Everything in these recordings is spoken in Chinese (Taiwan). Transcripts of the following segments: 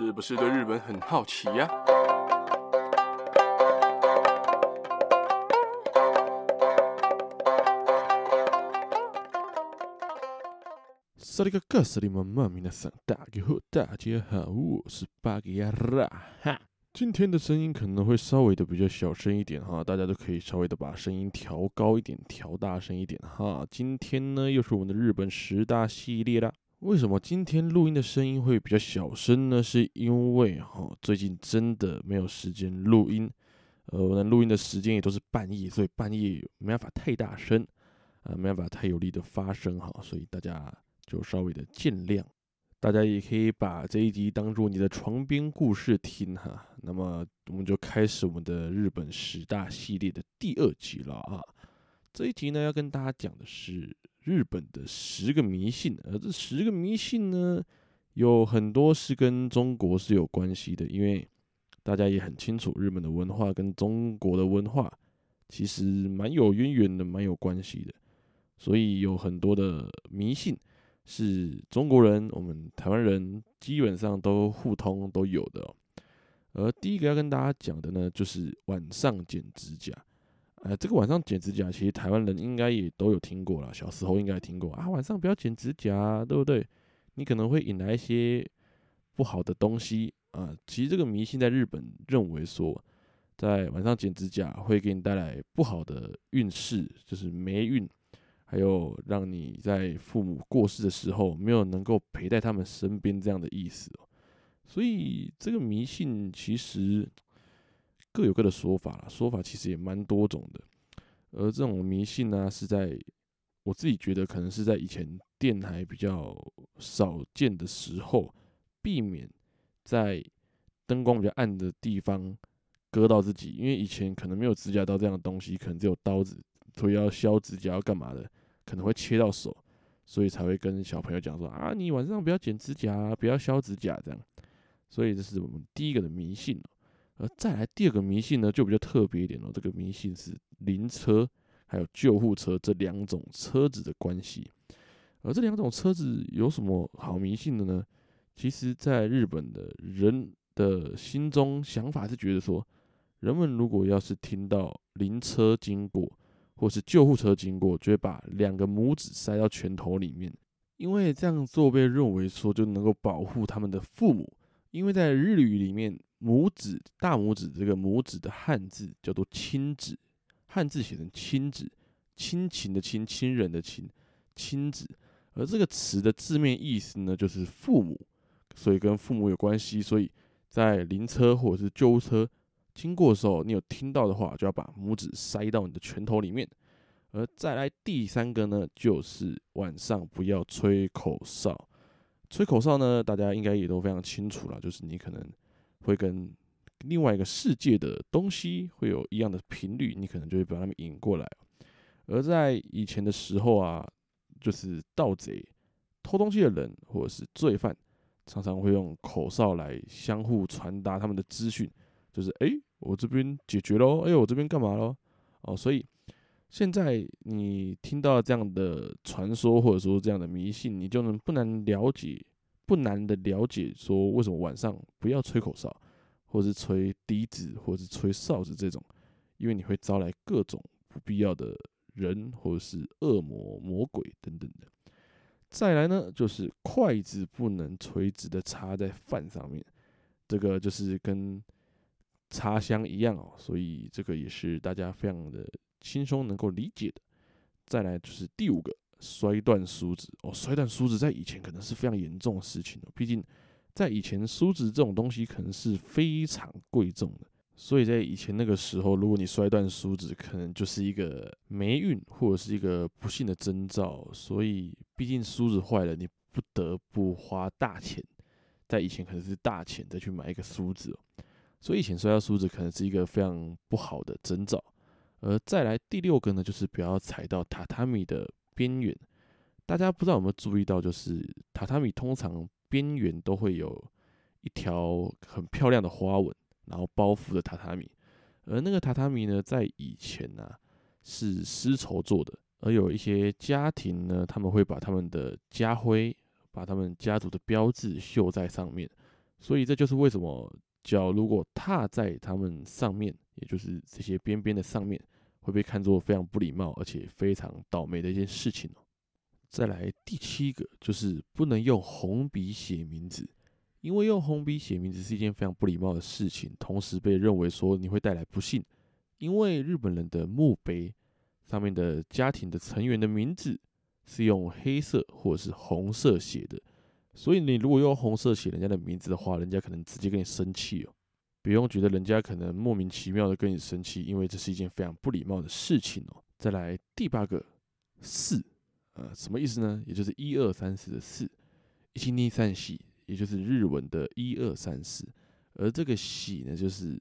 是不是對日本很好奇呀、啊？哈，今天的聲音可能會稍微的比較小聲一點哈，大家都可以稍微的把聲音調高一點，調大聲一點哈。今天呢，又是我們的日本十大系列了。為什麼今天錄音的聲音會比較小聲呢？是因為哈、哦，最近真的沒有時間錄音，呃，我的錄音的時間也都是半夜，所以半夜沒辦法太大聲，啊、呃，沒辦法太有力的發聲哈，所以大家就稍微的見諒。大家也可以把這一集當做你的床邊故事聽哈。那麼我們就開始我們的日本十大系列的第二集了啊。這一集呢，要跟大家講的是。日本的十個迷信，而這十個迷信呢，有很多是跟中國是有關係的，因為大家也很清楚，日本的文化跟中國的文化其實蠻有淵源的，蠻有關係的，所以有很多的迷信是中國人，我們台灣人基本上都互通都有的喔。而第一個要跟大家講的呢，就是晚上剪指甲。呃，這個晚上剪指甲，其實台灣人應該也都有聽過了，小時候應該聽過啊。晚上不要剪指甲，對不對？你可能會引來一些不好的東西啊。其實這個迷信在日本認為說，在晚上剪指甲會給你帶來不好的運勢，就是霉運，還有讓你在父母過世的時候沒有能夠陪在他們身邊這樣的意思哦。所以這個迷信其實。各有各的說法啦，說法其實也蠻多種的。而這種迷信呢，啊，是在我自己覺得可能是在以前電台比較少見的時候，避免在燈光比較暗的地方割到自己，因為以前可能沒有指甲刀這樣的東西，可能只有刀子，所以要削指甲要幹嘛的，可能會切到手，所以才會跟小朋友講說啊，你晚上不要剪指甲，不要削指甲這樣。所以這是我們第一個的迷信喔。而再來第二個迷信呢，就比較特別一點哦。這個迷信是靈車還有救護車這兩種車子的關係。而這兩種車子有什麼好迷信的呢？其實，在日本的人的心中想法是覺得說，人們如果要是聽到靈車經過或是救護車經過，就會把兩個拇指塞到拳頭裡面，因為這樣做被認為說就能夠保護他們的父母。因為在日語裡面。拇指，大拇指，這個拇指的漢字叫做子“親指”，漢字寫成“親指”，親情的“親”，親人的親，親指。而這個詞的字面意思呢，就是父母，所以跟父母有關係。所以在靈車或者是救護車經過的時候，你有聽到的話，就要把拇指塞到你的拳頭裡面。而再來第三個呢，就是晚上不要吹口哨。吹口哨呢，大家應該也都非常清楚了，就是你可能。會跟另外一個世界的東西會有一樣的頻率，你可能就會把他們引過來。而在以前的時候啊，就是盜賊、偷東西的人或者是罪犯，常常會用口哨來相互傳達他們的資訊，就是哎，我這邊解決嘍，哎，我這邊幹嘛嘍？哦，所以現在你聽到這樣的傳說或者說這樣的迷信，你就能不難了解。不難的了解，說為什麼晚上不要吹口哨，或者是吹笛子，或者是吹哨子這種，因為你會招來各種不必要的人，或者是惡魔、魔鬼等等的。再來呢，就是筷子不能垂直的插在飯上面，這個就是跟插香一樣哦、喔，所以這個也是大家非常的輕鬆能夠理解的。再來就是第五個。摔斷梳子哦，摔斷梳子在以前可能是非常嚴重的事情哦。畢竟在以前，梳子這種東西可能是非常貴重的，所以在以前那個時候，如果你摔斷梳子，可能就是一個霉運或者是一個不幸的徵兆。所以，畢竟梳子壞了，你不得不花大錢。在以前可能是大錢再去買一個梳子哦。所以以前摔到梳子可能是一個非常不好的徵兆。而再來第六個呢，就是不要踩到榻榻米的邊緣，大家不知道有沒有注意到，就是榻榻米通常邊緣都會有一條很漂亮的花紋，然後包覆的榻榻米。而那個榻榻米呢，在以前吶，是絲綢做的，而有一些家庭呢，他們會把他們的家徽，把他們家族的標誌繡在上面。所以這就是為什麼腳如果踏在他們上面，也就是這些邊邊的上面，會被看作非常不禮貌，而且非常倒霉的一件事情哦。再來第七個，就是不能用紅筆寫名字，因為用紅筆寫名字是一件非常不禮貌的事情，同時被認為說你會帶來不幸。因為日本人的墓碑上面的家庭的成員的名字是用黑色或者是紅色寫的，所以你如果用紅色寫人家的名字的話，人家可能直接跟你生氣哦。不用覺得人家可能莫名其妙的跟你生氣，因為這是一件非常不禮貌的事情哦、喔。再來第八個四，呃，什麼意思呢？也就是一二三四的四，ichi ni san shi，也就是日文的一二三四，而這個喜呢，就是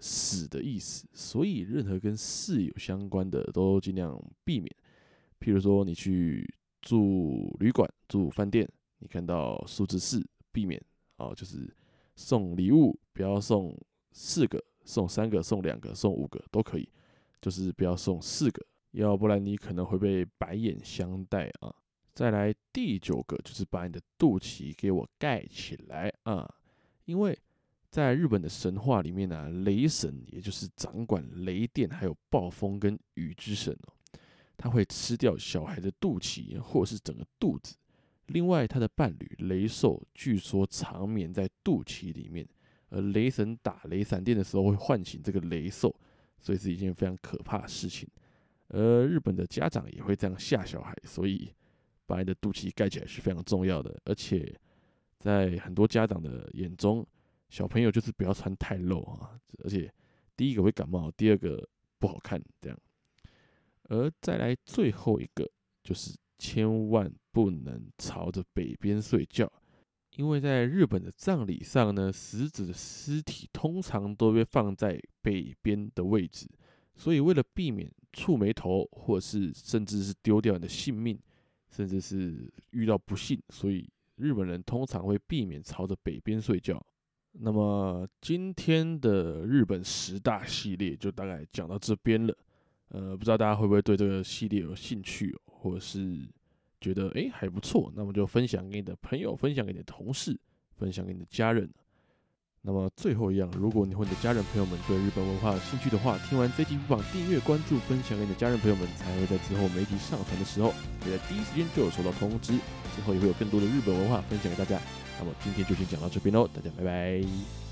死的意思，所以任何跟四有相關的都儘量避免。譬如說你去住旅館、住飯店，你看到數字四，避免哦、呃，就是。送禮物不要送四個，送三個，送兩個，送五個都可以，就是不要送四個，要不然你可能會被白眼相待啊。再來第九個，就是把你的肚臍給我蓋起來啊，因為在日本的神話裡面呢、啊，雷神也就是掌管雷電還有暴風跟雨之神哦，他會吃掉小孩的肚臍或者是整個肚子。另外，他的伴侶雷獸據說長眠在肚臍裡面，而雷神打雷閃電的時候會喚醒這個雷獸，所以是一件非常可怕的事情。而日本的家長也會這樣嚇小孩，所以把你的肚臍蓋起來是非常重要的。而且，在很多家長的眼中，小朋友就是不要穿太露啊，而且第一個會感冒，第二個不好看這樣。而再來最後一個就是千萬。不能朝着北邊睡覺，因為在日本的葬禮上呢，死者的屍體通常都被放在北邊的位置，所以為了避免觸霉頭，或是甚至是丟掉你的性命，甚至是遇到不幸，所以日本人通常會避免朝着北邊睡覺。那麼今天的日本十大系列就大概講到這邊了，呃，不知道大家會不會對這個系列有興趣，哦，或是。覺得哎還不錯，那麼就分享給你的朋友，分享給你的同事，分享給你的家人。那麼最後一樣，如果你和你的家人朋友們對日本文化有興趣的話，聽完這期不妨訂閱、關注、分享給你的家人朋友們，才會在之後每集上傳的時候，也在第一時間就有收到通知。之後也會有更多的日本文化分享給大家。那麼今天就先講到這邊嘍，哦，大家拜拜。